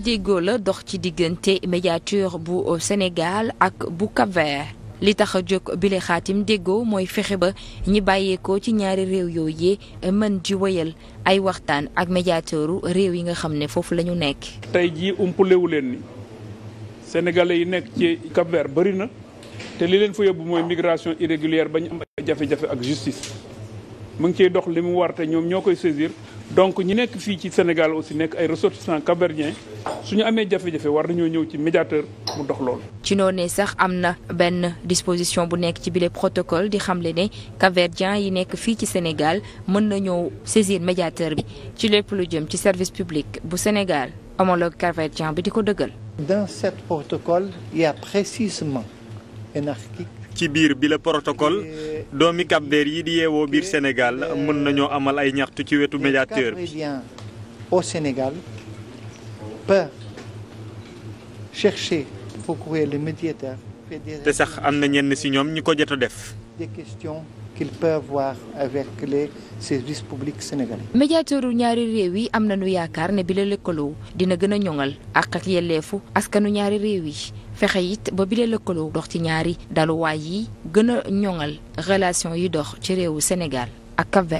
déggoo la dox ci diggante médiature bu Sénégal ak bu Cap-Vert li tax a jóg bile xaatim déggoo mooy fexe ba ñi bàyyeekoo ci ñaari réew yooyu yi mën di woyal ay waxtaan ak médiateuru réew yi nga xam ne foofu lañu nekk. tey jii umpalewu leen ni sénégalais yi nekk ci Cap-Vert bëri na te li leen fa yóbbu mooy migration irrégulière ba ñu am ay jafe-jafe ak justice mu ngi dox li mu war ñoom ñoo koy saisir. donc ñi nekk fii ci Sénégal aussi nekk ay ressortissants capverdiens su ñu amee jafe-jafe war nañoo ñëw ci médiateur mu dox loolu. ci noonu sax am na benn disposition bu nekk ci bile protocole di xamle ne capverdiens yi nekk fii ci Sénégal mën na ñëw saisir médiateur bi ci lépp lu jëm ci service public bu Sénégal homologue capverdien bi di ko dëggal. dans cet protocole il y a précisément ci biir bi la protocole doomi Cap-Vert yi di yeewoo biir Sénégal euh, mën nañoo amal ay ñaxtu ci wetu médiateur bi. au Sénégal peut chercher, te sax am na ñenn ci ñoom ñi ko jot a def. des questions qu'ils peuvent voir avec les médiateur ñaari réew yi am na nañu yaakaar ne bi la lëkkaloo dina gën a ñoŋal ak ak yelleefu askanu ñaari réew yi fexe it ba bi la lëkkaloo dox ci ñaari daluwaay yi gën a ñoŋal relation yi dox ci réewu Sénégal ak cap